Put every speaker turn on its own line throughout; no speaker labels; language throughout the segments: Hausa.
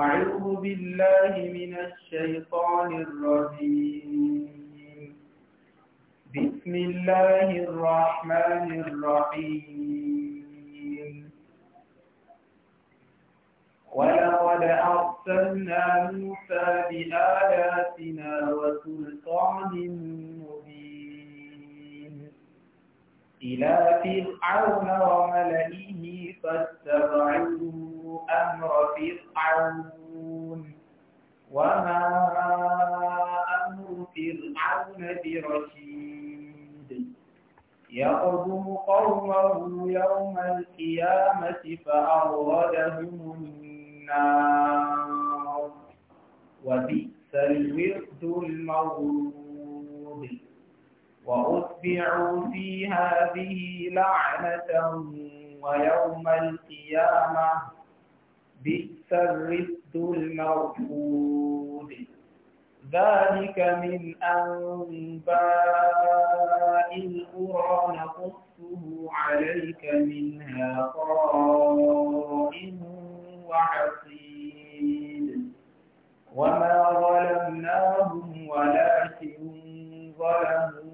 أعوذ بالله من الشيطان الرجيم بسم الله الرحمن الرحيم ولقد أرسلنا موسى بآياتنا وسلطان مبين إلى فرعون وملئه فاتبعوه أمر فرعون وما أمر فرعون برشيد يقدم قومه يوم القيامة فأوردهم النار وبئس الورد المورود وأتبعوا في هذه لعنة ويوم القيامة بئس الرفد المرفود ذلك من أنباء القرى نقصه عليك منها قائم وحصيد وما ظلمناهم ولكن ظلموا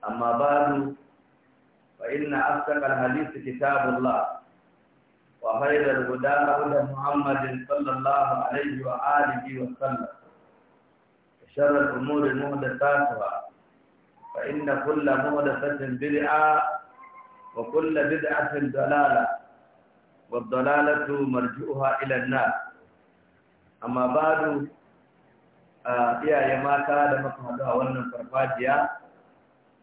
Amma ba du fa'inna abcakan hadisu kitabun la'a. Wa haizan guda na'urar Muhammaden sallallahu alaihi wa'azi kiwa sallam. Ka sharafu muri ma'aikata ta zuwa. Fa'inna kulla mu da satin biri'a. Ba dalala. Wadda lalatu mar ju'u ha ilanna. Amma ba a iyaye mata da masu a wannan farfajiya.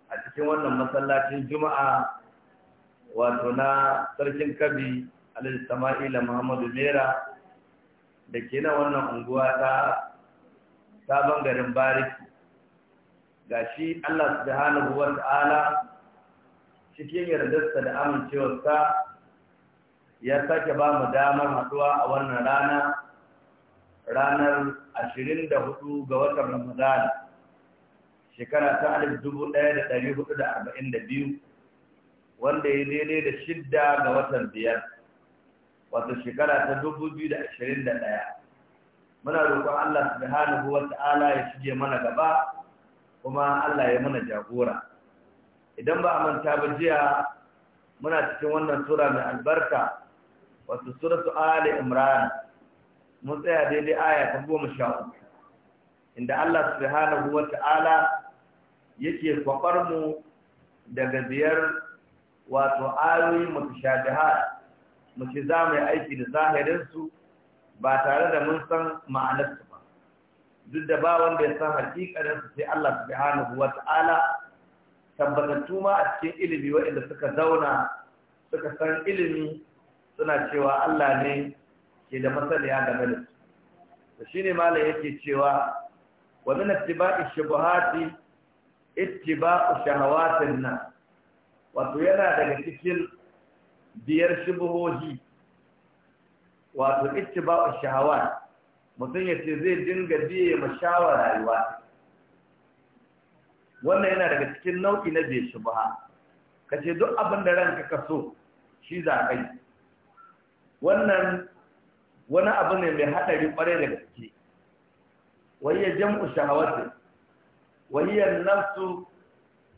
a cikin wannan masallacin juma'a wato na sarkin kabi alhaji sama'ila muhammadu mera da ke na wannan unguwa ta sabon garin bariki ga shi allah subhanahu wa ta'ala cikin yardarsa da amincewarsa ya sake ba mu damar haduwa a wannan rana ranar 24 ga watan ramadana shekara ta alif dubu ɗaya da ɗari hudu da arba'in da biyu wanda ya daidai da shidda ga watan biyar wato shekara ta dubu biyu da ashirin da ɗaya muna roƙon Allah subhanahu wa ta'ala ya shige mana gaba kuma Allah ya mana jagora idan ba a manta ba jiya muna cikin wannan sura mai albarka wato suratu ali imran mun tsaya daidai aya ta goma sha uku inda Allah subhanahu wa ta'ala yake kwabar mu daga biyar wato ayoyi masu mu ce za mu aiki da zahirin su ba tare da mun san ma'anar ba duk da ba wanda ya san hakikarin su sai Allah subhanahu ta'ala tabbatattu ma a cikin ilimi waɗanda suka zauna suka san ilimi suna cewa Allah ne ke da masaniya game da su shine malam yake cewa wa min ittiba'i shubuhati ittiba'u shahawatin nan wato yana daga cikin biyar shubuhohi wato ittiba'u shahawat mutum ya ce zai dinga biye ma shawar rayuwa wannan yana daga cikin nau'i na shubuha ka ce duk abin da ranka ka so shi za kai wannan wani abu ne mai haɗari ƙwarai da gaske wai ya jam'u shahawatin wahiyar nafsu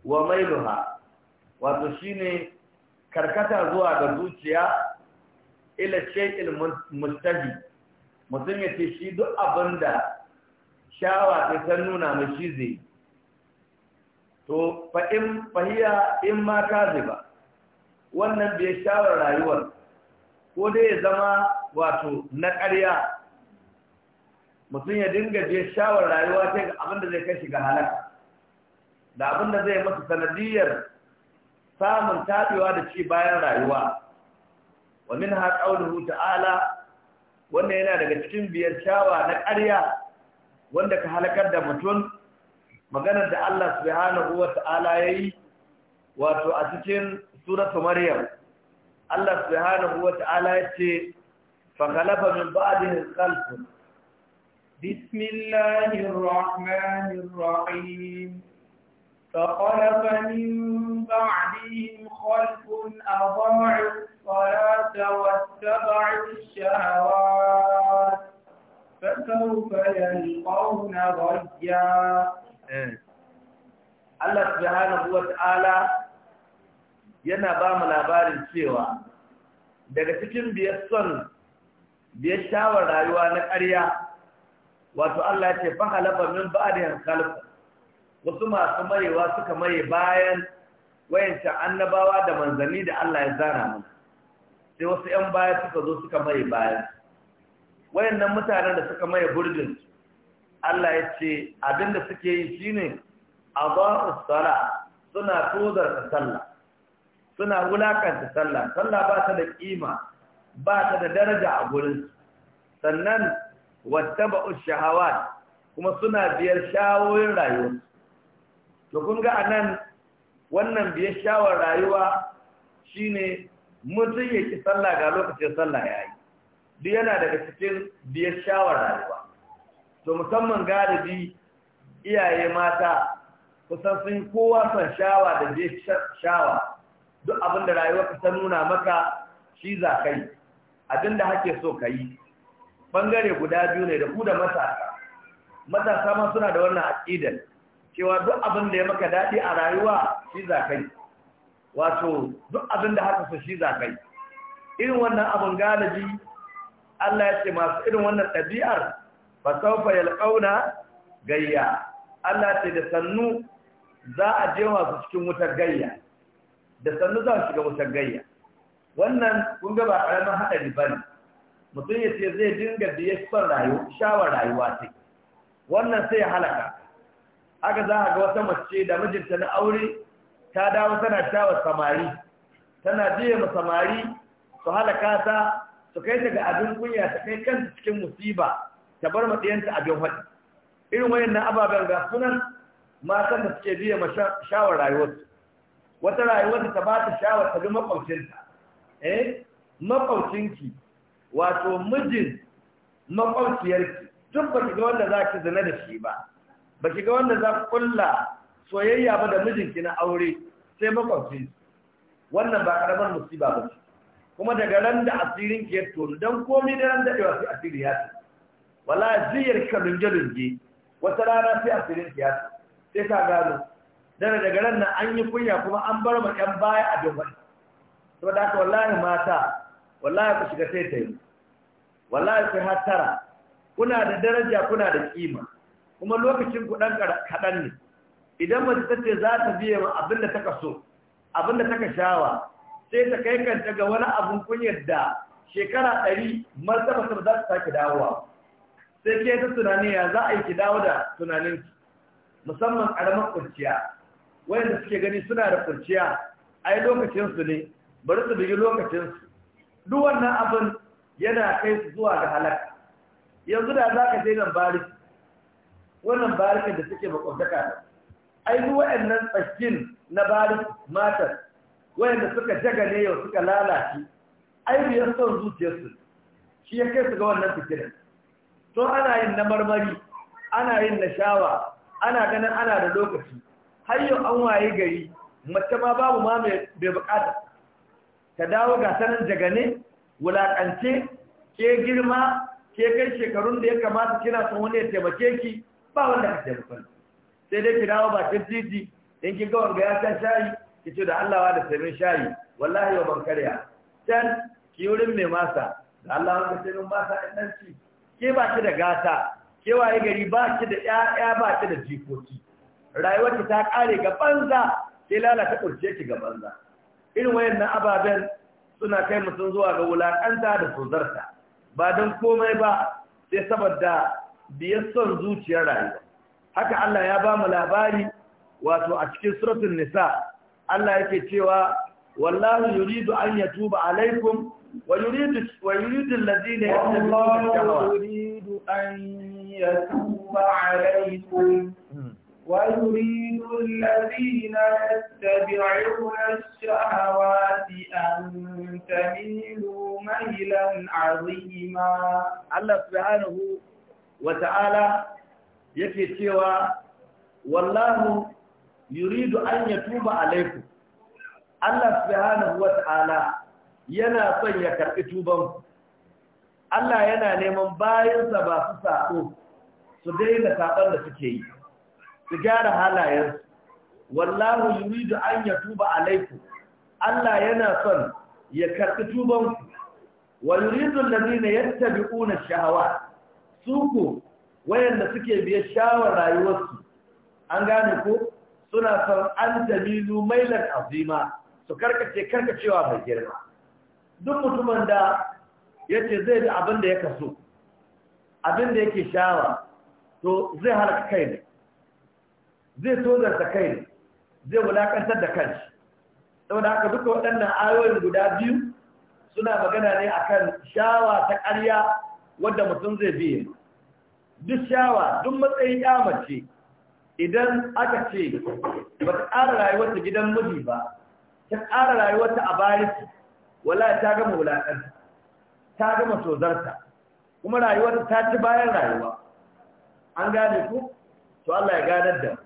wa mailuha wato shine karkata zuwa ga zuciya ila shay'il mustahi mutum ya ce shi duk abinda shawa ta san nuna mashi zai to fa in fahiya in ma ba wannan bai shawar rayuwar ko dai ya zama wato na ƙarya mutum ya dinga je shawar rayuwa ta abinda zai kai shi ga halaka da abinda zai masa sanadiyar samun tabewa da ci bayan rayuwa wa min ha qauluhu ta'ala wannan yana daga cikin biyar shawa na ƙarya wanda ka halakar da mutum maganar da Allah subhanahu wa ta'ala yayi wato a cikin suratu maryam Allah subhanahu wa ta'ala yace fa khalafa min ba'dihi
khalfun بسم الله الرحمن الرحيم فخلف من بعدهم خلف أضاعوا الصلاة واتبعوا الشهوات فسوف يلقون غيا الله سبحانه وتعالى
ينبى من أبار السوى دقتكم بيسون بيشاور رايوانا أريا wato Allah ce fa halafa min ba'dihim kalfa? wasu masu mayewa suka maye bayan wayancan annabawa da manzanni da Allah ya zana mu sai wasu 'yan baya suka zo suka maye bayan wayannan mutanen da suka maye burjin Allah ya ce abinda suke yi shine adaa'us sala suna tozar sallah suna wulakanta sallah sallah ba ta da kima ba ta da daraja a gurin sannan ba'u shahawat kuma suna biyar shawoyin rayuwa to kun ga anan wannan biyar shawar rayuwa shine mutum ya ki sallah ga lokacin sallah ya yi, duk yana daga cikin biyar shawar rayuwa to musamman galibi iyaye mata kusan sun kowa son shawa da biyar shawa duk abinda da ka ta nuna maka shi za kai abin hake so ka yi bangare guda biyu ne da ku da matasa matasa ma suna da wannan aqidan cewa duk abin da ya maka dadi a rayuwa shi zakai wato duk abin da haka shi zakai irin wannan abin galabi Allah ya ce masu irin wannan ɗabi'ar ba saufa yalqauna gayya Allah ce da sannu za a je masu cikin wutar gayya da sannu za su shiga wutar gayya wannan kun ga ba ƙaramin haɗari bane mutum ya ce zai dinga da ya fi rayuwa shawar rayuwa ce wannan sai ya halaka haka za a ga wata mace da mijinta na aure ta dawo tana shawar samari tana jiye ma samari su halaka ta su kai ta ga abin kunya ta kai kanta cikin musiba ta bar maɗiyanta abin haɗi irin na ababen ga sunan matan da suke biya ma shawar rayuwarsu wata rayuwarsu ta ba ta shawar ta bi makwabcinta eh makwabcinki wato mijin makwabciyarki duk ba ki ga wanda za ki zina da shi ba ba ki ga wanda za ku kulla soyayya ba da mijinki na aure sai makwabci wannan ba karamar musiba ba ce kuma daga ran da asirin ke ya tonu don komai da ran dadewa sai asiri ya ce wala ziyar ka dunge-dunge wata rana sai asirin ya ce sai ta gano dana daga ran nan an yi kunya kuma an bar ma 'yan baya a dubai saboda haka wallahi mata wallahi ku shiga sai ta yi wallahi sai hatara kuna da daraja kuna da kima kuma lokacin ku dan kadan ne idan mace ta ce za ta biye ma abinda ta kaso abinda ta kashawa sai ta kai kanta ga wani abun kunyar da shekara 100 martaba ta za ta saki dawowa sai ke ta tunani ya za a yi ki dawo da tunanin musamman karamar kurciya Wanda suke gani suna da kurciya ai lokacin su ne bari su bigi lokacin su duk wannan abin yana kai su zuwa da halak. yanzu da za ka je nan bari wannan barikin da suke makwabtaka ai duk waɗannan tsakin na bariki matar wayanda suka ne yau suka lalace ai biyar son zuciyarsu shi ya kai su ga wannan fikirin to ana yin na marmari ana yin na shawa ana ganin ana da lokaci har yau an waye gari mace ma babu ma mai bukata ta dawo ga sanin jagane wulaƙance ke girma ke kai shekarun da ya kamata kina son wani ya taimake ki ba wanda ka taimakon sai dai ki dawo bakin titi in kin ga wanga ya san shayi ki ce da Allah wa da sabin shayi wallahi wa ban karya can ki wurin mai masa da Allah wa da sabin masa in nan ci ke ba ki da gata ke waye gari ba ki da ƴaƴa ba ki da jikoki Rayuwarki ta kare ga banza ke lalata kurce ki ga banza irin wayannan ababen suna kai mutum zuwa ga wulaƙanta da tozarta ba don komai ba sai saboda biyar son zuciyar rayuwa haka Allah ya ba mu labari wato a cikin suratul nisa Allah yake cewa wallahu
yuridu an yatuba alaikum wa yuridu wa yuridu alladhina yattabi'una yatuba alaikum hmm. ويريد الذين يتبعون الشهوات أن تميلوا ميلا عظيما الله سبحانه وتعالى yake cewa
wallahu yuridu an yatuba alaikum Allah subhanahu yana son ya karɓi tuban Allah yana neman bayansa ba su sako su daina saban da suke yi su gyara halayensu wallahu yuridu an ya tuba alaiku. Allah yana son ya karɓi tuban ku wa yuridu na allazina na shahawat su ku wayanda suke biye shawar rayuwarsu an gane ko suna son an dalilu mailan azima su karkace karkacewa mai girma duk mutumin da yace zai da abin da ya kaso abin da yake shawa to zai halaka kai ne zai da kai zai wulakantar da kanshi saboda haka duka waɗannan ayoyin guda biyu suna magana ne akan shawa ta ƙarya wadda mutum zai biye duk shawa duk matsayin mace idan aka ce ba ta ƙara rayuwarta gidan miji ba ta ƙara rayuwarta a bariki wala ta gama wulaƙanta ta gama tozarta kuma rayuwar ta ci bayan rayuwa an gane ku to Allah ya ganar da mu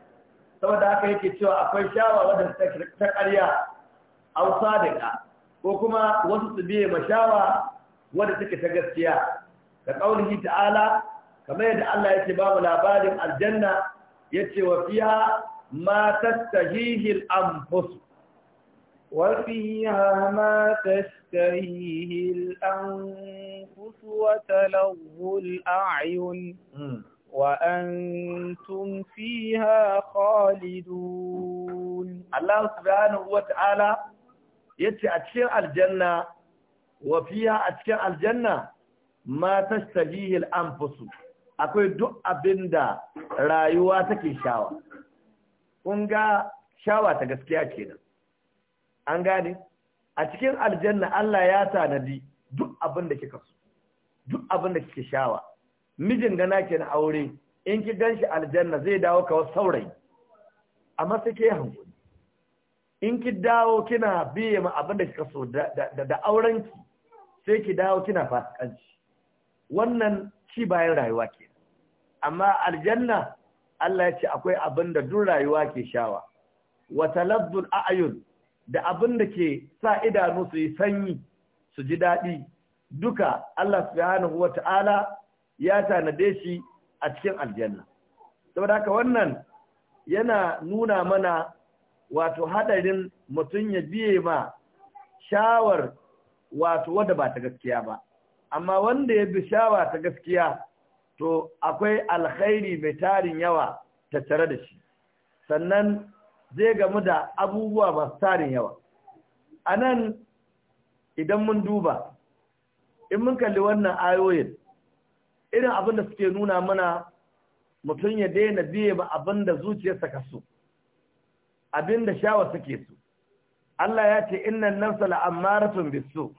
saboda haka yake cewa akwai shawa wadda ta ƙarya da sadaka ko kuma wasu su biye shawa wadda take ta gaskiya ka kaulihi ta'ala kamar yadda Allah yake ba labarin aljanna yace wa fiha ma tastahihi
al-anfus وفيها ما تشتهيه الأنفس وتلظ الأعين وأنتم فيها خالدون الله سبحانه وتعالى يتي
أتشير الجنة وفيها أتشير الجنة ما تشتهيه الأنفس akwai duk abin da rayuwa take shawa kun ga shawa ta gaskiya kenan an gane a cikin aljanna Allah ya tanadi duk abin da kika duk abin kike shawa mijin gana ke na aure in ki ganshi aljanna zai dawo kawai saurayi A masu ke hankali in ki dawo kina biye ma abin da kika so da aurenki sai ki dawo kina fasikanci wannan ci bayan rayuwa ke amma aljanna Allah ya ce akwai abin da duk rayuwa ke shawa wa talazzul a'yun da abin da ke sa idanu su yi sanyi su ji daɗi duka Allah subhanahu Ta'ala. ya tanade shi a cikin aljanna saboda haka wannan yana nuna mana wato hadarin mutum ya biye ma shawar wato wadda ba ta gaskiya ba amma wanda ya bi shawa ta gaskiya to akwai alkhairi mai tarin yawa tattare da shi sannan zai gamu da abubuwa masu tarin yawa a nan idan mun duba in mun kalli wannan ayoyin irin abin da suke nuna mana mutum ya daina biye ba abin da zuciyarsa ka so abin da shawa suke so Allah ya ce innan nafsa
la'ammaratun bisu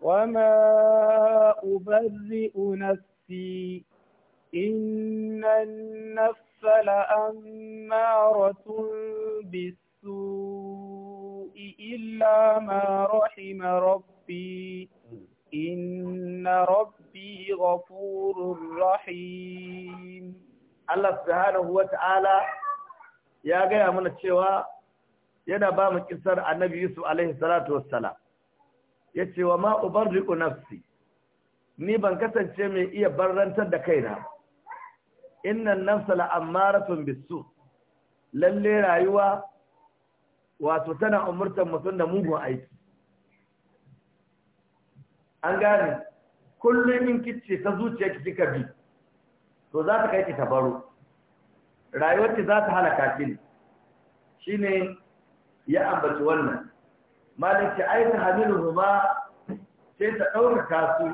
wama ubarri'u nafsi innan nafsa la'ammaratun bisu illa ma rahima rabbi إن ربي غفور رحيم ta'ala
ya gaya mana cewa yana ba mu ƙisar annabi Yusuf يوسف Salatu الصلاة Ya ce wa ma ubarri'u nafsi ni ban kasance mai iya barrantar da kaina innan nafsa la'ammaratun bisu lalle rayuwa wato tana umurtar mutum da mugun aiki an gane kullum in kicce ta zuciya ki kika bi to za ta kai ki tabaro rayuwar ki za ta halaka ki shine ya ambaci wannan malaki aita Hamilu, huma sai ta dauka kasu,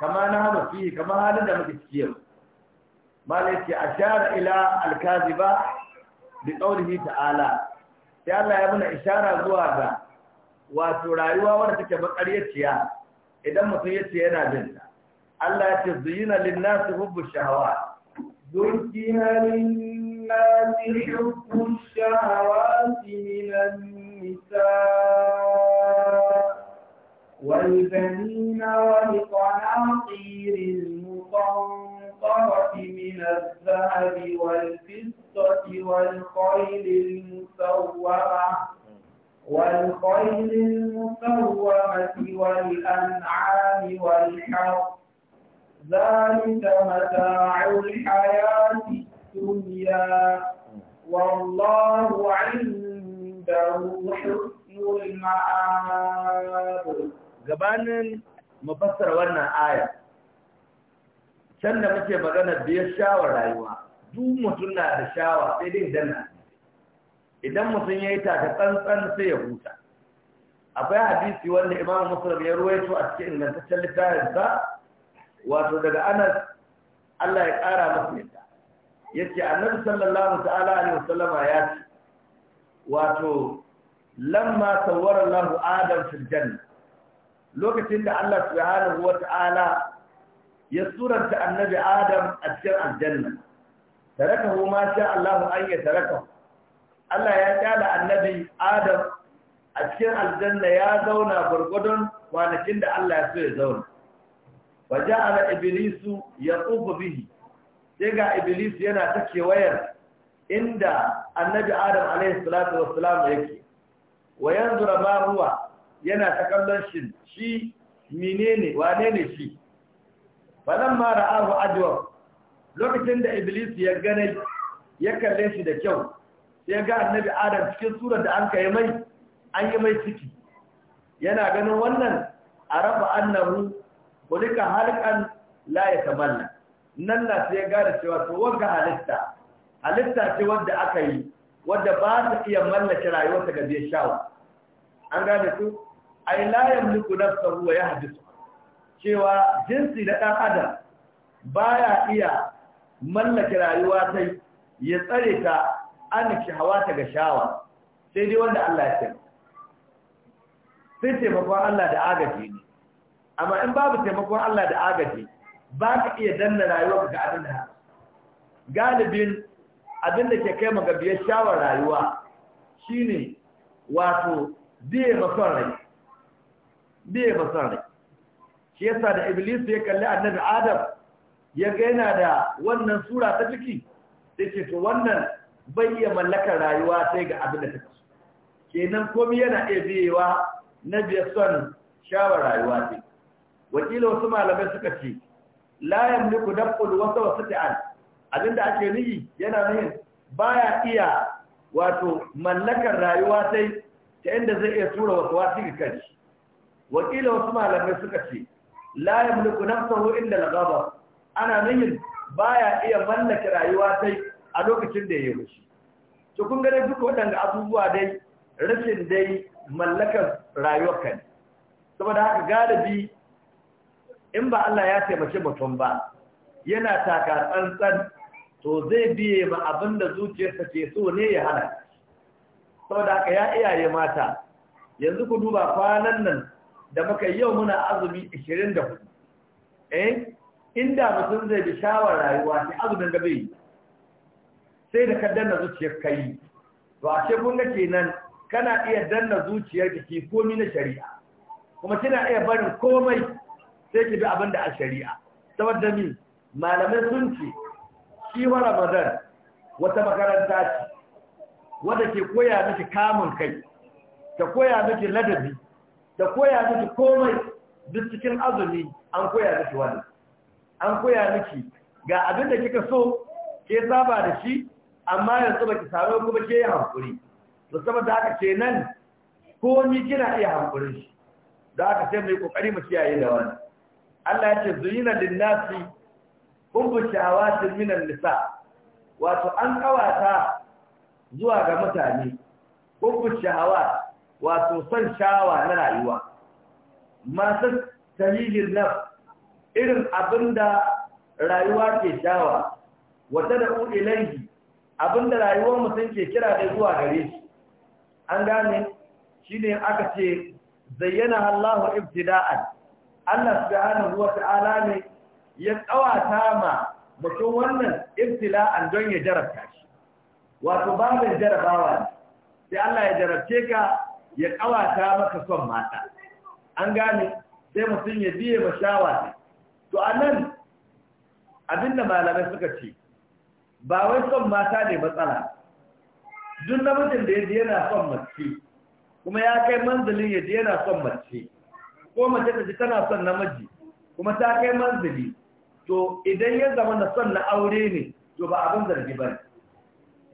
kama na hama fiye kama halin da muke ciki yau a shara ila alkaziba bi ƙaunihi ta'ala sai Allah ya muna ishara zuwa ga wato rayuwa wadda take ciya idan mutum yace yana jin ta Allah ya ce zuyina lin-nasi hubbu shahawat
zuyina lin-nasi hubbu shahawat minan-nisaa والبنين والقناطير المقنطرة من الذهب والفضة والخيل المسومة والخيل المسومة والأنعام والحق ذلك متاع الحياة الدنيا والله عنده حسن المآب gabanin mafassara wannan aya
can da muke maganar biyar shawar rayuwa duk mutum na da shawa sai dai idan mutum ya yi taka tsantsan sai ya huta akwai hadisi wanda imam muslim ya ruwaito a cikin ingantaccen littafin sa wato daga anas Allah ya kara masu yadda Ya yace annabi sallallahu ta'ala alaihi wasallama ya ce wato lamma sawwara Allah Adam fil janna lokacin da Allah subhanahu Ta'ala ya suranta annabi Adam a cikin aljanna tarakahu ma sha Allah an ya tarakahu Allah ya kyala annabi Adam a cikin aljanna ya zauna gurgudun kwanakin da Allah ya so ya zauna. Wa ja'ala Iblisu ya tsufa bihi, sai ga Iblisu yana ta kewayar inda annabi Adam salatu wa salam yake. Wa yanzu raba yana ta kallon shi, shi menene wane ne shi. Falan ma ra'ahu ajwa lokacin da Iblis ya gane ya kalle shi da kyau sai ga annabi adam cikin surar da an kai mai an yi mai ciki yana ganin wannan a rafa annahu kulika halkan la yatamanna nan na sai ga da cewa to wanda halitta halitta ce wanda aka yi wanda ba ta iya mallake rayuwarta ga zai shawa an gane ku ai la yamliku nafsahu wa yahdisu cewa jinsi na dan adam baya iya mallake rayuwa sai ya tsare ta an hawa ta ga shawa sai dai wanda Allah ya taimaka sai taimakon Allah da agaji ne amma in babu taimakon Allah da agaji ba ka iya danna rayuwa ga abin da galibin abin da ke kai magabiyar shawar rayuwa shine wato biye mason rai biye mason rai shi yasa da iblis ya kalli annabi adam ya gaina da wannan sura ta ciki sai ce to wannan bai iya mallakar rayuwa sai ga abin da ta kasu kenan komi yana iya biyewa na biya son shawar rayuwa ce wakila wasu malamai suka ce layan niku dafqul wasa wasu ta'al abinda ake nihi yana nihin ya iya wato mallakar rayuwa sai ta inda zai iya tura wasu wasu ga kari. wakila wasu malamai suka ce layan niku nafsahu inda al-ghadab ana nihin ya iya mallaka rayuwa sai a lokacin da ya yi to kun gane duka waɗanda abubuwa dai rashin dai mallakar rayuwar kan. saboda haka galibi in ba Allah ya taimaki mutum ba yana taka tsantsan to zai biye ma abin da zuciyarsa ke so ne ya hana saboda haka ya iyaye mata yanzu ku duba kwanan nan da muka yau muna azumi 24 eh inda mutum zai bi shawar rayuwa shi azumin da bai yi sai da ka danna zuciyar ka to a ce kun nake kenan kana iya danna zuciyar ke komi na shari'a kuma kina iya barin komai sai ki bi abin da a shari'a saboda mi malamai sun ce shi wa ramadan wata makaranta ce wadda ke koya miki kamun kai ta koya miki ladabi ta koya miki komai duk cikin azumi an koya miki wani an koya miki ga abin da kika so ke saba da shi amma yanzu baki samu kuma ke hankuri to saboda haka kenan komi kina iya hankurin shi da haka sai mai kokari mu kiyaye da wani Allah ya ce zuyina linnasi hubbu tun minan nisa wato an kawata zuwa ga mutane hubbu wato san shawa na rayuwa masu tahilin naf irin abinda rayuwa ke shawa wata da ku ilaihi Abin da rayuwar mutum ke kira da zuwa gare shi an gane shi ne aka ce zayyana Allahu ibtida'an Allah subhanahu wata'ala ne ya tsawata ma mutum wannan ibtila'an don ya jarabta shi wato babin jarabawa ne sai Allah ya jarabce ka ya tsawata maka son mata an gane sai mutum ya biye mashawa to anan abinda malamai suka ce ba wai son mata ne matsala duk namijin da ji yana son mace kuma ya kai ya ji yana son mace ko mace ta ji tana son namiji kuma ta kai manzali to idan ya zama na son na aure ne to ba abin zargi ba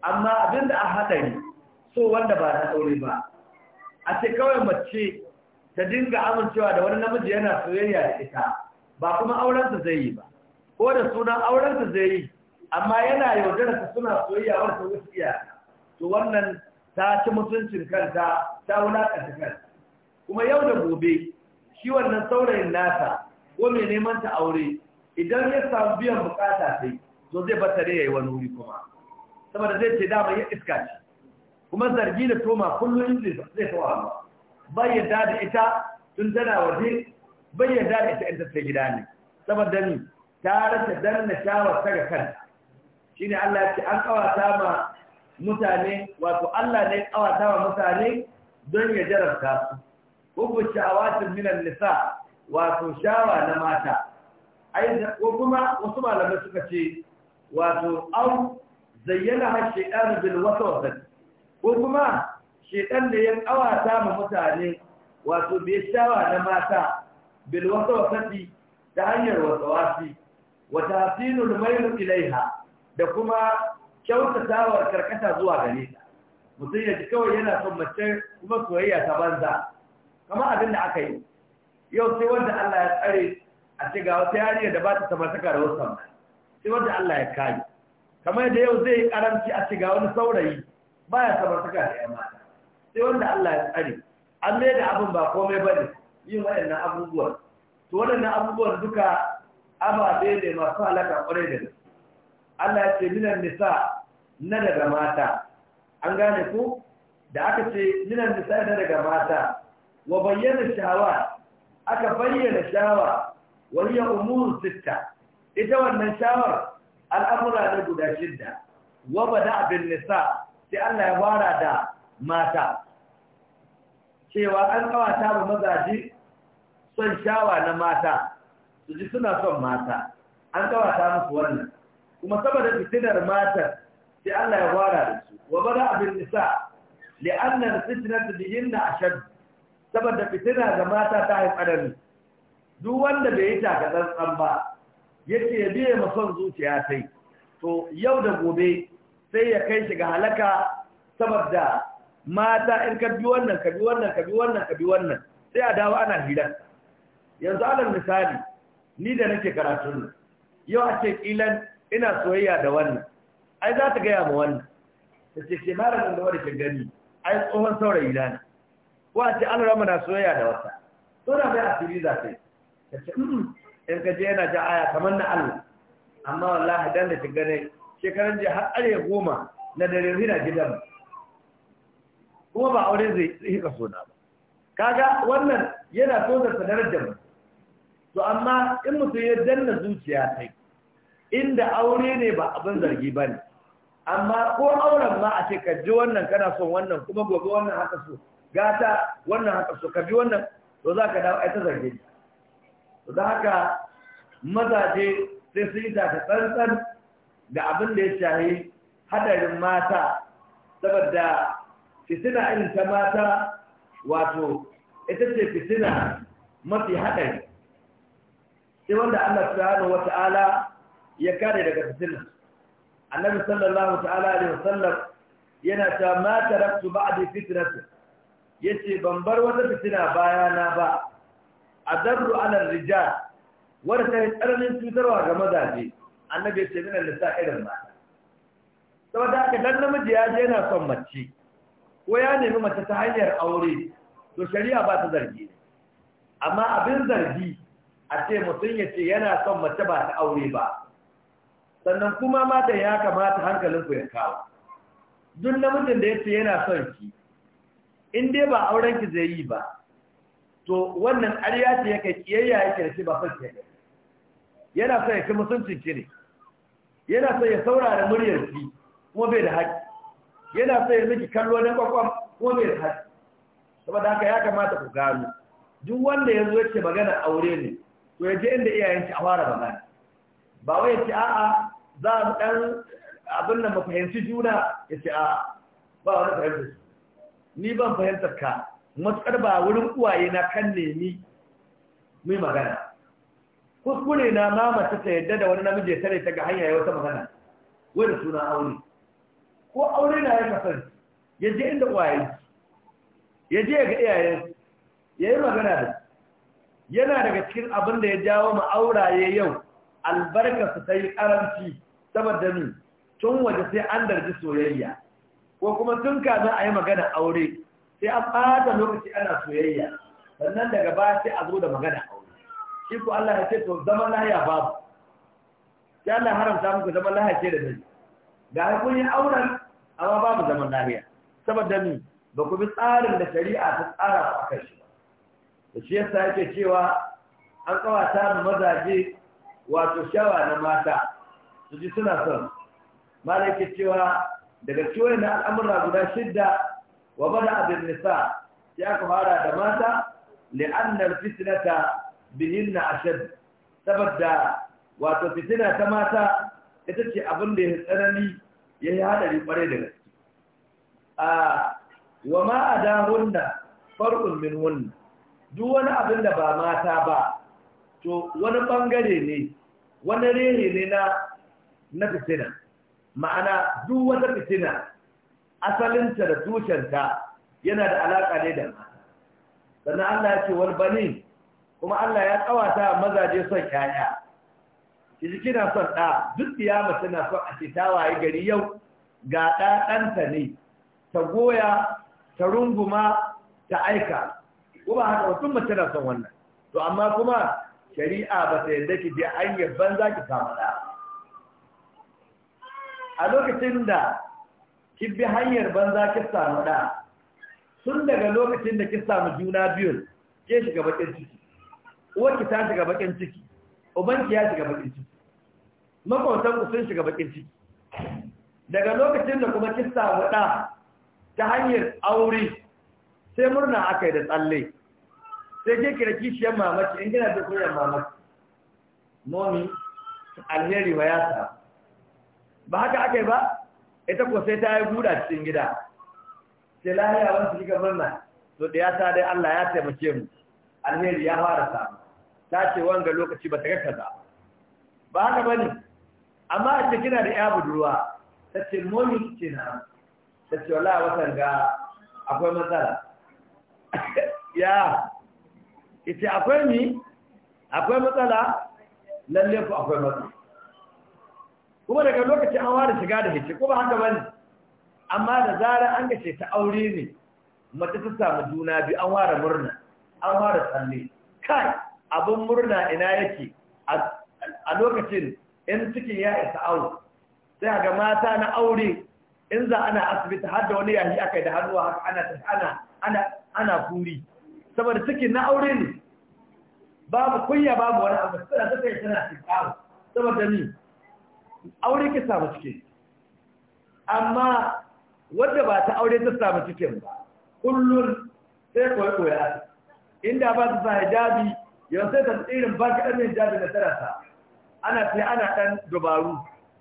amma abin da a haɗari so wanda ba na aure ba a ce kawai mace ta dinga amincewa da wani namiji yana soyayya da ita ba kuma aurensa zai yi ba ko da sunan aurensa zai yi amma yana yaudararsa suna soyayya wata wuskiya to wannan ta ci mutuncin kanta ta ta kar. kuma yau da gobe shi wannan saurayin nasa, ko mai neman ta aure idan ya samu biyan bukata sai to zai bata ya yayi wani wuri kuma saboda zai ce dama ya iska ce kuma zargi da toma kullum zai kawo hannu bai yadda da ita tun tana waje bai yadda da ita in ta gida ne saboda ni ta rasa danna shawar ta ga kanta shine Allah ya ce an kawata ma mutane wato Allah ne kawata ma mutane don ya jarabta su hubu shawatin minan nisa wato shawa na mata ai ko kuma wasu malamai suka ce wato au zayyana har shaidan bil wasawasa ko kuma shaidan da ya kawata ma mutane wato bai shawa na mata bil wasawasa ta hanyar Wata wa tahsinul mailu ilaiha da kuma tawar karkata zuwa gare ta mutum ya ji kawai yana son mace kuma soyayya ta banza kama abin da aka yi yau sai wanda Allah ya tsare a ce ga wata yariya da ba ta samartaka da wasu sam sai wanda Allah ya kare kamar yadda yau zai yi karanci a ce ga wani saurayi ba ya samartaka da yan mata sai wanda Allah ya tsare an mai da abin ba komai ba ne yin waɗannan abubuwan to waɗannan abubuwan duka ababe ne masu halaka ƙwarai da gaske Allah ya ce minan nisa na daga mata an gane ku da aka ce minan nisa na daga mata wa bayyana shawa aka bayyana shawa ya umur sitta ita wannan shawar al'amura na guda shidda wa bada bin nisa sai Allah ya fara da mata cewa an kawata ba mazaji son shawa na mata su ji suna son mata an kawata musu wannan kuma saboda fitinar matar sai Allah ya fara da su wa bada abin nisa li'anna fitnatu bihinna ashad saboda fitina ga mata ta yi da duk wanda bai yi taka tsantsan ba yace ya biye ma son zuciya sai to yau da gobe sai ya kai shi ga halaka saboda mata in ka bi wannan ka bi wannan ka bi wannan ka bi wannan sai a dawo ana hira yanzu alal misali ni da nake karatun yau a ce kilan ina soyayya da wannan ai za ta gaya ma wannan ta ce ke mara nan da wani ke gani ai tsohon saurayi na ne ko a ce an rama na soyayya da wata to na bai asiri za ta yi ta ce in ka je yana ja aya kamar na allah amma wallahi dan da ta gane shekaran jiya har arewa goma na dare rina gidan kuma ba aure zai yi kaso na ba kaga wannan yana so da sadarar da mu to amma in mutum ya danna zuciya sai inda aure ne ba abin zargi ba ne amma ko auren ma a ce kaji wannan kana son wannan kuma gobe wannan haka so gata wannan haka so kaji wannan to za ka dawo aita zarge ne to da haka mazaje sai su yi ta tsantsan da abin da ya shahi hadarin mata saboda fitina irin ta mata wato ita ce fitina mafi hadari sai wanda Allah subhanahu wata'ala ya kare daga fitina annabi sallallahu ta'ala alaihi wasallam yana ta ma taraktu ba'di fitnati yace ban bar wata fitina baya na ba adarru ala rijal wanda ta tsaranin cutarwa ga mazaje annabi ya ce min nisa irin ma saboda haka dan namiji ya je yana son mace ko ya nemi mace ta hanyar aure to shari'a ba ta zargi amma abin zargi a ce mutum ya ce yana son mace ba ta aure ba sannan kuma mata ya kamata hankalinku ya kawo duk namijin da ya ce yana son ki in dai ba aurenki ki zai yi ba to wannan arya ce yake kiyayya yake da shi ba son ki yana son ya ci mutuncin ki ne yana son ya saurara muryar ki kuma bai da haƙƙi yana son ya miki kallo na kwakwam kuma bai da haƙƙi saboda haka ya kamata ku gano duk wanda ya zo yake magana aure ne to ya je inda iyayen ki a fara magana ba wai ya ce a'a za a dan abin da mafahimci juna ya ce a ba wani fahimta su ni ban fahimtar ka matuƙar ba wurin uwaye na kan nemi mai magana kuskure na mama ta yadda da wani namiji ya tare ta ga hanya ya wata magana wai da suna aure ko aure na ya kasar ya je inda uwaye ya je ga iyayen ya yi magana da yana daga cikin abin da ya jawo auraye yau albarkarsu ta yi karanci. saboda ni tun waje sai an darji soyayya ko kuma tun ka a yi magana aure sai an ɓata lokaci ana soyayya sannan daga baya sai a zo da magana aure shi ko Allah ya ce to zaman lahiya babu sai Allah haramta muku zaman lahiya ce da dai ga kun yi auren amma babu zaman lahiya saboda ni ba ku bi tsarin da shari'a ta tsara ku akan shi ba da shi yasa yake cewa an kawata mu mazaje wato shawa na mata su ji suna son malai cewa daga ciwon na al'amura guda shidda wa bada abin nisa ya ku fara da mata li'annar fitinata bihin na ashad saboda wato fitina ta mata ita ce abin da ya tsanani ya yi haɗari ƙwarai da gaske a wa ma a dahunna farkon min wunna duk wani abin da ba mata ba to wani ɓangare ne wani rere ne na na fitina ma'ana duk wata fitina asalinta da tushenta yana da alaƙa ne da mata sannan Allah ya ce wal bani kuma Allah ya tsawata mazaje son ƴaƴa kiji kina son ɗa duk kiyama tana son a ce tawaye gari yau ga ɗa ɗanta ne ta goya ta runguma ta aika kuma haka mutum mace na son wannan to amma kuma shari'a ba ta yadda ki je hanyar banza ki samu ɗa a lokacin da ki bi hanyar banza kista samu sun tun daga lokacin da kista mu juna biyun ke shiga bakin ciki uwarki ta shiga bakin ciki ubanki ya shiga bakin ciki ku sun shiga bakin ciki daga lokacin da kuma kista samu ta hanyar aure sai murna aka yi da tsalle sai ke kira kishiyar mamaci in gina da koyar mamaci momi alheri wa ya samu ba haka aka yi ba ita ko sai ta yi guda cikin gida sai lahiya ban su kika murna to da ya sa dai Allah ya taimake mu alheri ya fara samu ta ce wanga lokaci ba ta ga kaza ba haka ba ne amma a ce kina da ya budurwa ta ce ce na ta ce wala watan ga akwai matsala ya ita akwai ni akwai matsala lalle ku akwai matsala kuma daga lokaci an ware shiga da hece kuma haka bane amma da zarar an gace ta aure ne mace ta samu juna biyu an ware murna an ware tsalle kai abin murna ina yake a lokacin in cikin ya isa au, sai ga mata na aure in za ana asibiti har da wani yahi aka yi da hannuwa haka ana ana ana ana kuri saboda cikin na aure ne babu kunya babu wani abu sai ta tana cikin saboda ni aure ke samu cike, amma wanda ba ta aure ta samu cike ba kullum sai koyi koya inda ba ta sa dabi yanzu sai ta tsirin ba ka ɗan hijabi na tarasa ana sai ana ɗan dubaru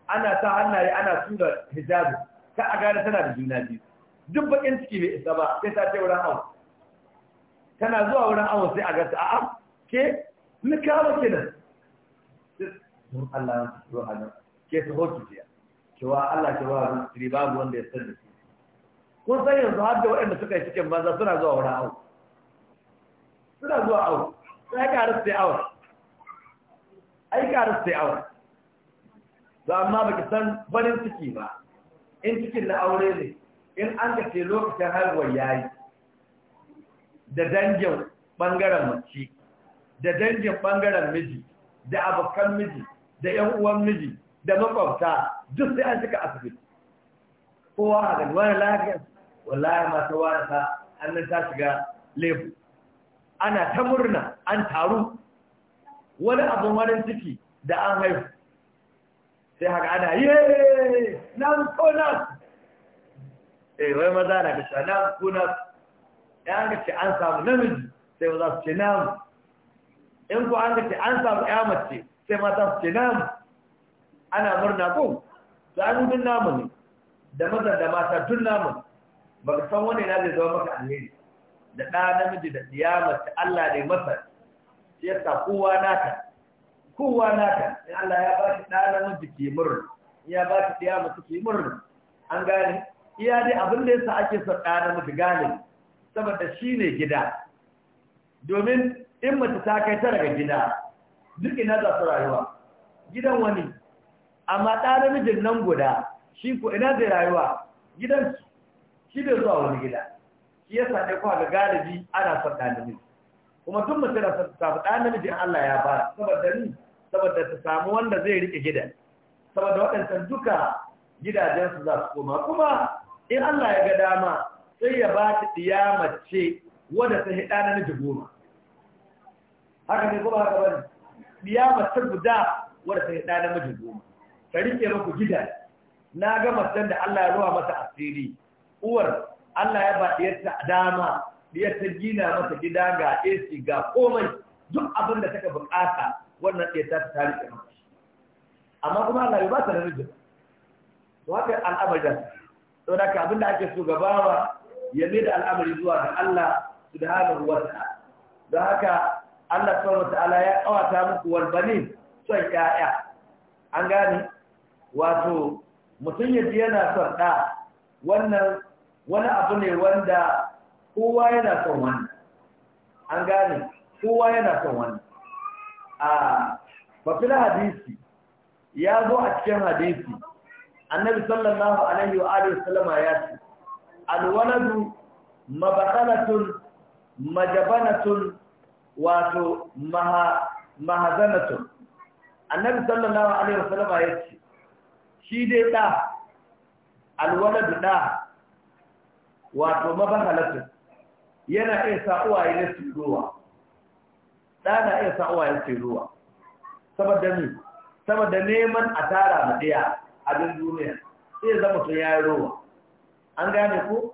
ana sa hannaye ana tura hijabi ta a gane tana da juna biyu duk bakin ciki bai isa ba sai ta ce wurin awon tana zuwa wurin awon sai a ta a'a ke ni kawo kenan Allah ya ke su hoki ce cewa Allah ke ba su wanda ya san da su kun san yanzu har da waɗanda suka yi cikin banza suna zuwa wurin awo suna zuwa awo sai ka karu sai awo ai ka sai awo To amma baki san barin ciki ba in cikin na aure ne in an ka ce lokacin haihuwar yayi da dangin bangaren mace da dangin bangaren miji da abokan miji da 'yan uwan miji da makwabta duk sai an cika asibiti kowa a gani wani lafiyar wallahi masu wani ta hannun ta shiga lebu ana ta murna an taru wani abin wani ciki da an haifu sai haka ana yi nan konas eh wai maza na kashe nan konas ya an ce an samu namiji sai maza su ce namu in ku an ga an samu ya mace sai mata su ce namu ana murna ko shanu duk namu ne da maza da mata tun namu ba ka san wani na zai zama maka alheri da ɗa namiji da tsiyamar ta Allah ne masa shi yasa kowa nata kowa nata in Allah ya ba shi ɗa namiji ke murna ya ba shi tsiyamar ta ke murna an gane iya dai abin da yasa ake son ɗa namiji gane saboda shi ne gida domin in mace ta kai ta ga gida duk ina za su rayuwa gidan wani amma ɗa namijin nan guda shi ko ina zai rayuwa gidansu shi bai zuwa wani gida shi ya sa ɗaya kwa ga galibi ana son ɗa namiji kuma tun mutum na son ɗa namijin Allah ya ba saboda ni saboda ta samu wanda zai riƙe gidan saboda waɗancan duka gidajensu za su koma kuma in Allah ya ga dama sai ya ba ta ɗiya mace wadda ta hiɗa na miji goma haka ne kuma haka bane ɗiya mace guda wadda ta hiɗa na miji goma ka rike maku gida. na ga matan da Allah ya ruwa mata asiri uwar Allah ya ba ta dama ta gina mata gida ga AC ga komai duk abin da take bukata wannan ɗaya ta ta rike amma kuma Allah ya ba ta namiji to haka al'amarin to da ka abin da ake so gabawa ya mai da al'amari zuwa ga Allah subhanahu wa ta'ala don haka Allah subhanahu wa ta'ala ya kawata muku walbani son ƴaƴa an gane wato mutum ya ji yana son ɗa wannan wani abu ne wanda kowa yana son wannan an gane kowa yana son wannan a bafila hadisi ya zo a cikin hadisi annabi sallallahu alaihi wa alihi wasallama ya ce alwaladu mabatalatun majabanatun wato mahazanatun annabi sallallahu alaihi wasallama ya ce shi dai ɗa alwaladu ɗa wato mabahalatun yana iya sa ya na ruwa ɗa na iya sa ya na ruwa saboda ne saboda neman a tara mu ɗaya abin duniya sai zama sun yayi ruwa an gane ku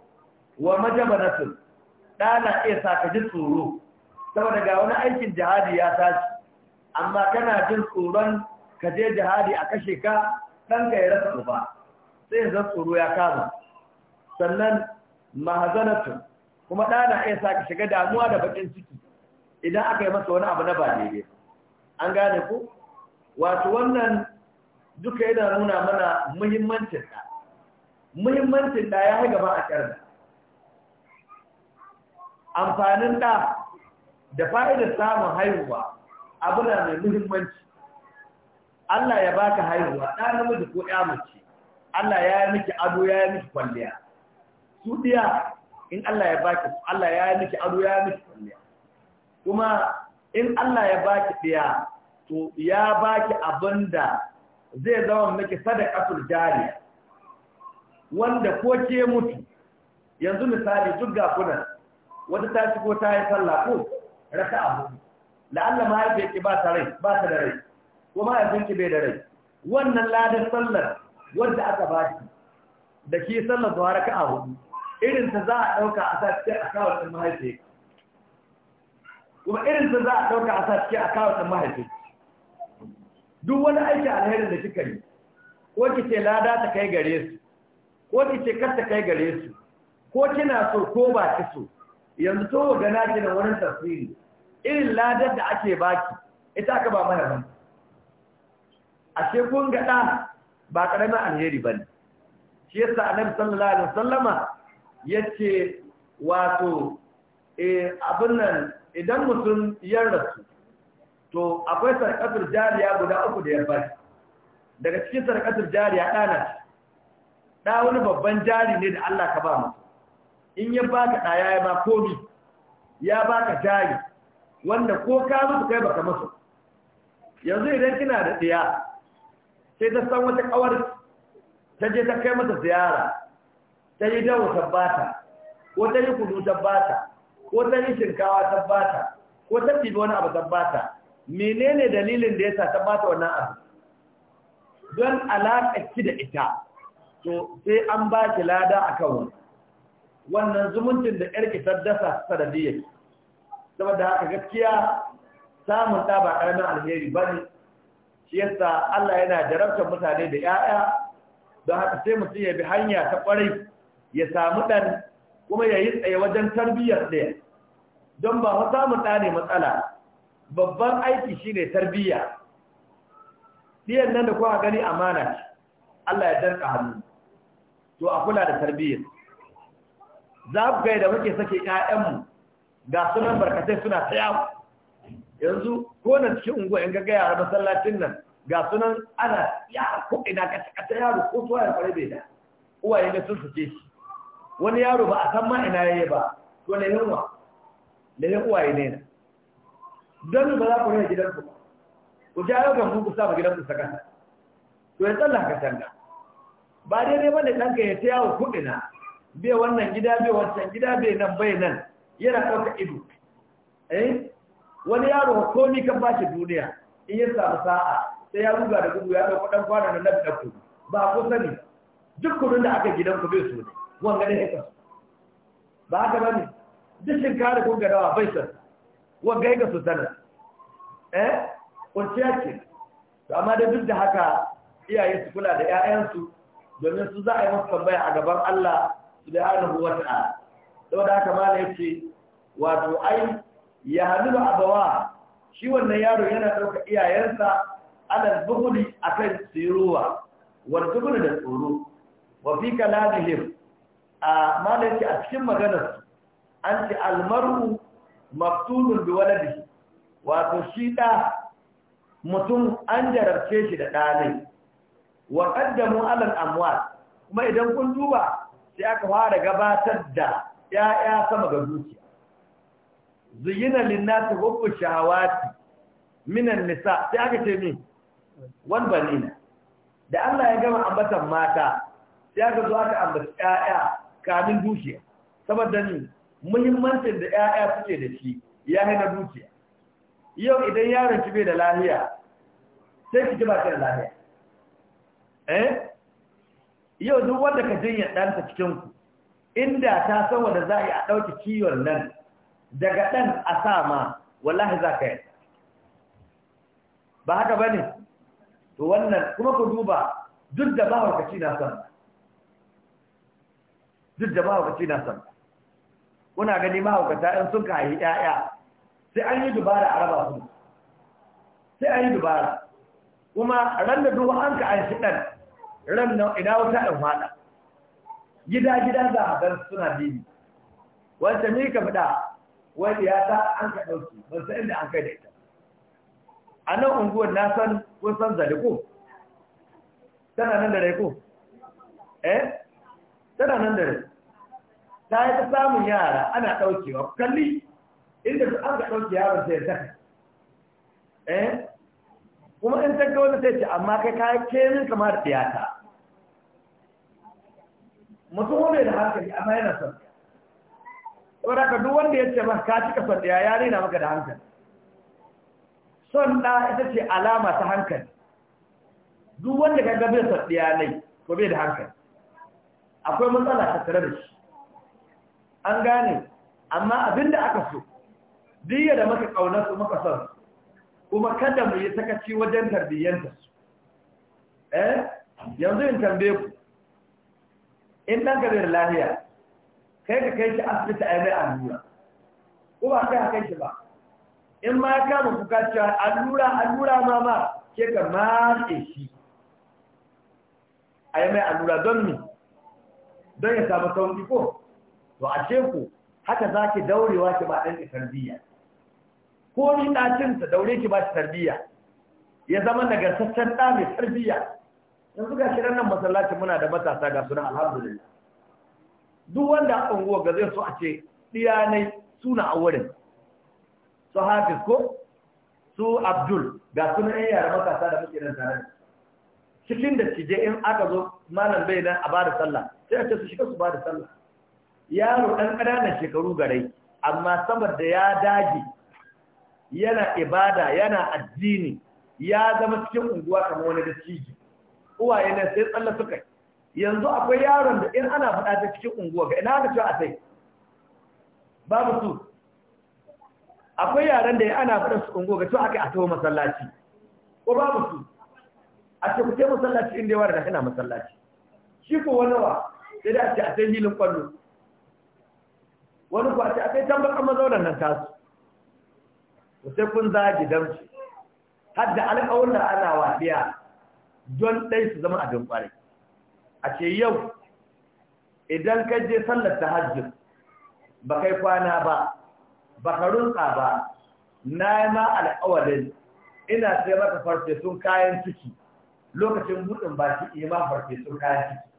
wa majabanatun ɗa na iya sa ka ji tsoro saboda ga wani aikin jihadi ya tashi amma kana jin tsoron ka je jihadi a kashe ka ɗanka ya rasa ba sai zan tsoro ya kama sannan mahazanatu kuma ɗa na iya sa ka shiga damuwa da bakin ciki idan aka yi masa wani abu na ba daidai an gane ku wato wannan duka yana nuna mana muhimmancin ɗa muhimmancin ɗa ya haga ba a ƙyarda amfanin ɗa da fa'idar samun haihuwa abu na mai muhimmanci Allah ya baka haihuwa ɗa namiji ko ya mace Allah ya yi miki ado ya yi miki kwalliya su diya in Allah ya baki Allah ya yi miki ado ya yi miki kwalliya kuma in Allah ya baki diya to ya baki abinda zai zama miki sadaqatul jari. wanda ko ke mutu yanzu misali duk kuna wata ta shigo ta yi sallah ko raka'a abu la'alla mahaifiyarki ba ta rai ba ta da rai Kuma mahaifinki bai da rai wannan ladar sallar wadda aka baki da ke sallar zuwa raka a hudu irin ta za a ɗauka a sa cikin a ɗin mahaifi kuma irin ta za a ɗauka a sa cikin a ɗin mahaifi duk wani aiki alherin da kika yi ko ki ce lada ta kai gare su ko kike kar ta kai gare su ko kina so ko ba ki so yanzu to ga na ki da wani tafsiri irin ladar da ake baki ita aka ba mahaifi a ce kun gaɗa ba karamin alheri ba ne shi yasa annabi sallallahu alaihi wasallama yace wato eh abin nan idan mutum ya rasu to akwai sarƙatar jariya guda uku da ya bari daga cikin sarƙatar jariya ɗana ɗa wani babban jari ne da Allah ka ba mutum in ya baka ɗaya ya ba komi ya baka jari wanda ko ka musu kai baka musu yanzu idan kina da ɗaya sai ta san wata kawar ta je ta kai mata ziyara ta yi dawo tabbata ko ta yi kudu tabbata ko ta yi shinkawa tabbata ko ta fi wani abu tabbata menene dalilin da ya sa tabbata wannan abu don alaƙa ki da ita to sai an ba ki lada a wani wannan zumuncin da yarki ta dasa sanadiyyar saboda haka gaskiya samun ɗa ba ƙaramin alheri ba ne shi yasa Allah yana jarabtar mutane da 'ya'ya don haka sai mutum ya bi hanya ta kwarai ya samu ɗan kuma ya yi tsaye wajen tarbiyyar ɗaya don ba fa samun ɗa ne matsala babban aiki shine tarbiyya ɗiyan nan da kuka gani amana ce Allah ya danka hannu to a kula da tarbiyyar za ku kai da muke sake 'ya'yanmu ga sunan barkatai suna ta yanzu ko na cikin unguwa in gaga yara masallacin nan ga sunan ana yara ko ina kata kata yaro ko tuwa ya fara bai da uwaye ga sun suke shi wani yaro ba a san ma ina yi ba to ne yunwa da ya uwaye ne don ba za ku rage gidanku ba ku ja yau kan ku sa ba gidanku sakata to ya tsalla ka canza ba daidai ba ne ɗanka ya ta yawo kuɗina bai wannan gida bai wancan gida bai nan bai nan yana ɗauka ido eh wani yaro ko ni kan bashi duniya in ya samu sa'a sai ya ruga da gudu ya dauko dan kwana da nan da ku ba ku sani duk kudin da aka gidan ku bai so ne wanga ganin haka ba haka bane duk kare kun gadawa bai san ga haka su sana eh kwanciya ce to amma da duk da haka iyaye su kula da 'ya'yansu domin su za a yi masu tambaya a gaban Allah subhanahu wa ta'ala saboda haka mala ce wato ai ya hadu da abawa shi wannan yaro yana ɗauka iyayensa alal buhuli akan tsirowa wani tukuni da tsoro wa fi kalamihim a malaki a cikin maganar an ce almaru maftunun bi waladihi wato shi da mutum an jarabce shi da ɗanai wa ƙaddamu alal amwal kuma idan kun duba sai aka fara gabatar da ‘ya'ya sama ga dukiya zuyina linnasi hubbu shahawati minan nisa sai aka ce min wan banina da Allah ya gama ambatan mata sai aka zo aka ambaci ƴaƴa kamin dukiya saboda ni muhimmancin da ƴaƴa suke da shi ya haina dukiya yau idan yaron ki bai da lafiya sai ki ji ba da lafiya eh yau duk wanda ka jinya ɗanta cikin ku inda ta san wanda za a yi a ɗauki kiwon nan daga ɗan a sa ma wallahi za ka yi. ba haka ba ne to wannan kuma ku duba duk da mahaukaci na son duk da mahaukaci na son kuna gani mahaukata in sun ka yi ƴaƴa sai an yi dubara a raba su sai an yi dubara kuma ran da duba an ka an shi ɗan ran na ina wata ɗan waɗa gida-gida za a gan suna bibi wata ni ka fada wanda ya ta an ka ɗauki ban san inda an kai da ita a nan unguwar na san kun san zali tana nan da rai ko eh tana nan da rai ta yi ta samun yara ana ɗaukewa kalli inda su an ka ɗauke yaron sai zaka eh kuma in ta ga wani sai ce amma kai kayi kemin kamar tiyata mutum mai da hankali amma yana son saboda duk wanda ya ce maka ka cika son ya rena maka da hankali son ɗa ita ce alama ta hankali duk wanda ka gabe son ɗaya ne ko bai da hankali akwai matsala ta tare da shi an gane amma abinda aka so diya da maka ƙaunar su maka son kuma kada mu yi sakaci wajen tarbiyyanta su eh yanzu in tambaye ku in ɗanka bai da lahiya kai ka kai shi asibiti a mai allura ko ba kai haka shi ba in ma ya kama kuka cewa allura allura ma ma ke ka ke shi a yi mai allura don mi don ya samu sauki ko to a ce ku haka za ki daurewa ki ba ɗan tarbiyya ko ni ta daure ki ba ki tarbiyya ya zama nagartaccen ɗa mai tarbiyya yanzu ga shirin nan masallacin muna da matasa ga sunan, alhamdulillah duk wanda a unguwa ga zai so a ce diyanai suna a wurin su hafi ko su abdul ga sunan yan yara makasa da muke nan tare cikin da cije in aka zo malam bai nan a ba da sallah sai a ce su shiga su ba da sallah yaro ɗan ƙananan shekaru garai amma da ya dage yana ibada yana addini ya zama cikin unguwa kamar wani da ciji uwaye ne sai tsalla suka yi yanzu akwai yaron da in ana faɗa ta cikin unguwa ga ina da cewa a sai babu su akwai yaran da ana fada su unguwa ga cewa aka a taho masallaci ko babu su a ce ku ce masallaci inda yawa da kana masallaci shi ko wani wa sai da ce a sai hilin kwallo wani ko a ce a sai tambakan mazaunan nan tasu sai kun za shi har da alƙawun da ana waɗiya don ɗai su zama abin ƙwarai a ce yau idan ka je sallar ta Hajji ba kai kwana ba ba ka runsa ba na yi ma al'awalin, ina sai maka sun kayan ciki lokacin buɗin baki ima farfesun kayan ciki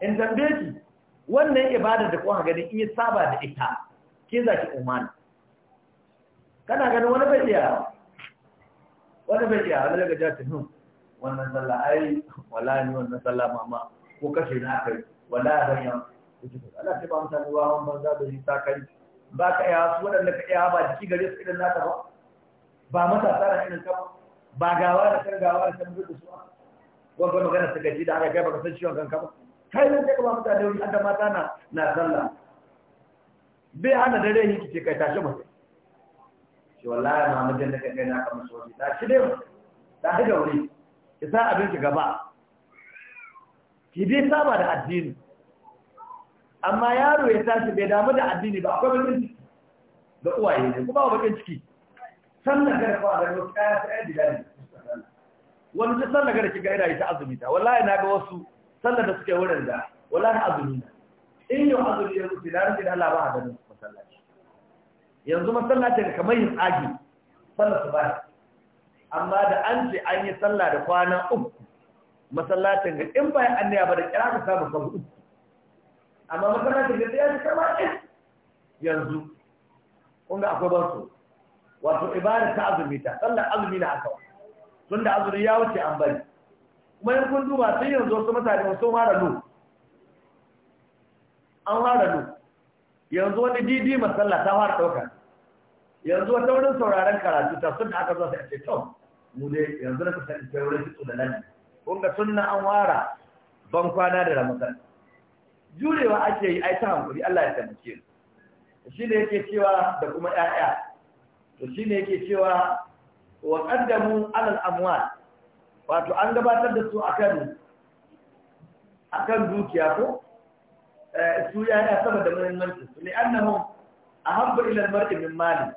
in tambaye ki wannan ibada da kuma gani in saba da ita ke za ki umarni. kana ganin wani bai iya wani bai iya wani daga jihar wannan sallah ai wala ni wannan sallah mama ko kashe na kai yi wala zan yi Allah ce ba mutane wawan banza da yi sakari ba ka iya su waɗanda ka iya ba jiki gare su irin nata ba ba matasa da irin kama ba gawa da kan gawa da kan gudu su ba wanda magana ta gaji da aka kai baka san ciwon kan kama? kai ne ka ba mutane wuri da mata na na sallah bai hana dare ni kike kai tashi mutum shi wallahi ma mutum da kai na kamar soji da shi dai da wuri isa abin ki gaba ki dai saba da addini amma yaro ya tashi bai damu da addini ba akwai bakin ciki da uwaye ne kuma ba bakin ciki sannan kada kawai da wasu
kaya ta yadda dani
wani ta sallar da kiga ina ta azumi ta wallahi na ga wasu sannan da suke wurin da wallahi azumi na in yau azumi ya mutu na rufe da Allah ba a ganin masallaci yanzu masallaci kamar yin tsagi sallar su shi. amma da an ce an yi sallah da kwana uku masallacin ga in bayan an ba da kira ka samu kan uku amma masallacin ga ya ce kama ɗin yanzu kun ga akwai bansu wato ibada ta azumi ta sallar azumi na aka tun da azumi ya wuce an bari kuma in kun duba sun yanzu wasu mutane sun fara nu an fara nu yanzu wani didi masalla ta fara ɗauka yanzu wata wurin sauraren karatu ta sun da aka zo sai a ce to mu dai yanzu da ka sani wurin fito da lalle kun ga sunna an wara ban kwana da ramadan jurewa ake yi ai ta hankuri Allah ya taimake mu shine yake cewa da kuma ƴaƴa to shine yake cewa wa qaddamu alal amwal wato an gabatar da su akan akan dukiya ko eh, su yaya saboda muhimmanci su ne annahum ahabba ila al-mar'i min mali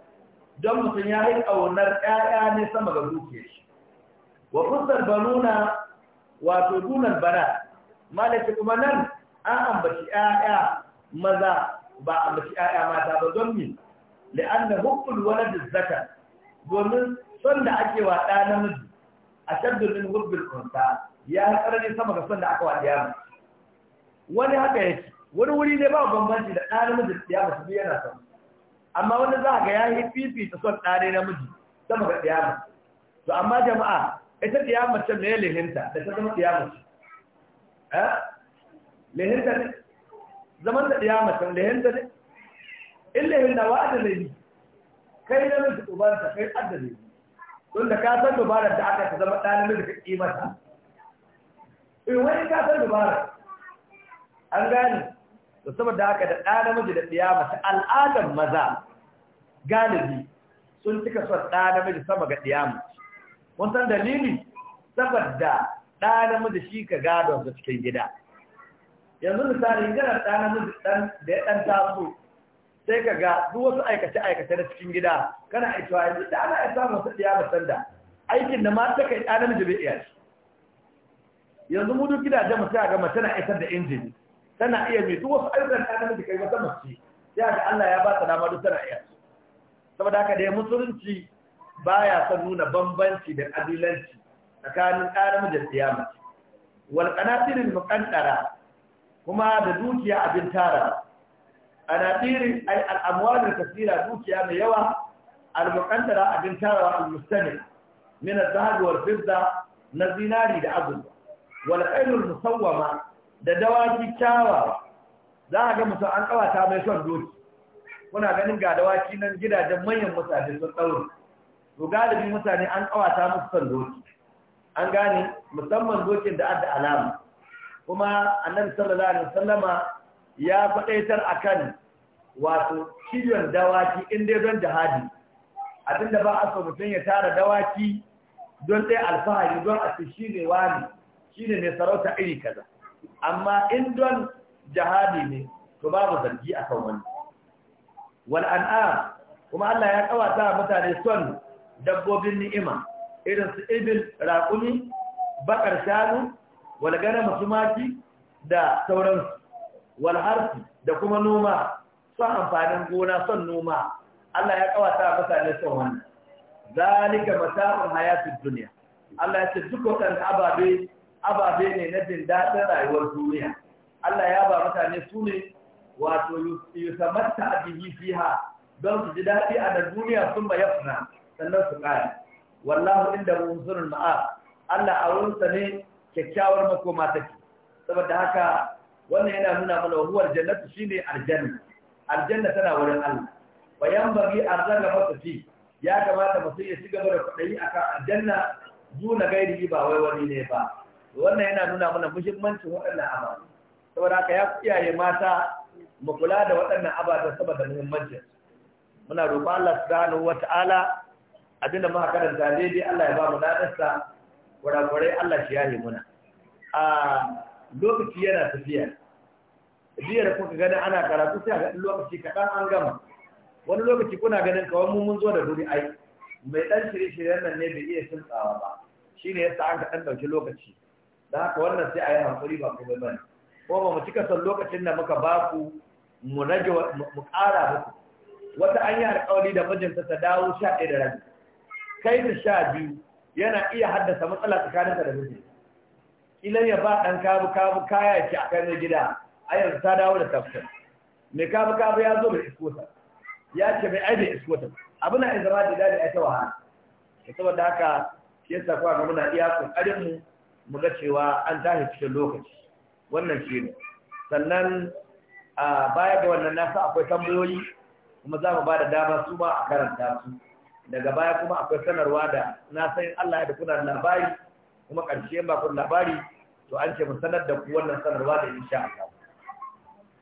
don mutum ya yi ƙaunar ƙaya ne sama ga duke shi wa fusar banuna wato dunan bana malaka kuma nan an ambaci ƴaƴa maza ba ambaci ƴaƴa mata ba don da la'anna wani da zaka domin son da ake wa ɗa namiji a shaddu min hukul unsa ya yi sama ga son da aka wa ɗaya wani haka yake wani wuri ne ba bambanci da ɗa namiji da su mutum yana son amma wanda za ga yayi fifita son ɗare namiji sama ga kiyama to amma jama'a ita kiyama ce mai lehinta da ta zama kiyama ce eh lehinta ne zaman da kiyama ce lehinta ne in lehinta wa da lehi kai namiji ubanta kai adda lehi don da ka san dubarar da aka ta zama ɗan namiji ka mata. in eh, wani ka san dubarar an gane da saboda haka da ɗan namiji da ɗiya ta al'adar maza galibi sun cika son ɗa namiji sama ga ɗiyamu kun san dalili saboda ɗa namiji shi ka gado su cikin gida yanzu misali gina ɗa namiji ɗan da ya ɗan taso sai ka ga duk wasu aikace aikace na cikin gida kana aikawa yanzu da ana iya samun su ɗiyamu sanda aikin da mata kai ɗa namiji bai iya shi yanzu mu duk gidajen mu sai ga mace na aikar da injini tana iya mai duk wasu ayyukan ɗa namiji kai wata mace sai ga Allah ya ba ta dama duk tana iya su. saboda haka dai musulunci baya son nuna bambanci da kabilanci tsakanin ɗan da siyama wal qanatirin muqaddara kuma da dukiya abin tara qanatirin ay al amwal kasira dukiya mai yawa al muqaddara abin tara al mustamil min al zahab wal fidda na zinari da azul wal qayrul musawwama da dawaki kyawawa za a ga mutum an kawata mai son doki kuna ganin ga dawaki nan gidajen manyan mutane sun tsaro to galibin mutane an ƙawata musu san doki an gane musamman dokin da adda alama kuma annabi sallallahu alaihi wasallama ya faɗaitar akan wato kiyon dawaki in dai don jihadi abinda ba a so ya tara dawaki don sai alfahari don a shi ne wani shi ne mai sarauta iri kaza amma in don jihadi ne to babu zargi a kan wani wal kuma Allah ya kawata mutane son dabbobin ni'ima irin su ibil raƙumi bakar shanu walgana masu maki da sauransu wal da kuma noma son amfanin gona son noma Allah ya kawata mutane son wannan zalika mata'ul hayatid duniya. Allah ya ce duk waɗannan ababe ababe ne na jin daɗin rayuwar duniya Allah ya ba mutane su ne wato yusamatta bihi fiha don su ji daɗi a da duniya sun bayyana sannan su ƙara wallahu inda musulun ma'a Allah a wurinsa ne kyakkyawar makoma take saboda haka wannan yana nuna mana huwar jannatu shine aljanna aljanna tana wurin Allah bayan bagi arzalla masa fi ya kamata mutum ya ci gaba da kwaɗayi akan aljanna duna gairi ba wai wani ne ba wannan yana nuna mana muhimmancin waɗannan amana saboda haka ya iyaye mata mu kula da waɗannan ababen saboda muhimmancin muna roƙon Allah subhanahu wata'ala da muka karanta daidai Allah ya ba mu ladarsa kurakurai Allah shi yahe muna a lokaci yana tafiya biyar kuka ganin ana karatu sai a ga lokaci kaɗan an gama wani lokaci kuna ganin kawai mun mun zo da duri ai mai ɗan shirye-shiryen nan ne bai iya tsawa ba shine yasa an ka ɗan dauki lokaci da haka wannan sai a yi hankuri ba kuma bane ko ba mu cika son lokacin da muka ba ku mu rage mu ƙara muku wata an yi alƙawari da mijinta ta dawo sha ɗaya da rabi kai da sha biyu yana iya haddasa matsala ka da miji ilan ya ba ɗan kabu kabu kaya a kan gida a yanzu ta dawo da tafsir mai kabu kabu ya zo mai iskota ya ce mai aibe iskota abu na izama da dadi ai ta wahala saboda haka shi yasa kuwa ga muna iya ƙoƙarinmu mu ga cewa an tashi cikin lokaci wannan shi sannan a baya ga wannan nasa akwai tambayoyi kuma za mu ba da dama su ma a karanta su daga baya kuma akwai sanarwa da na san Allah ya da kuna
labari kuma ƙarshe ba kun labari to an ce mu sanar da ku wannan sanarwa da insha Allah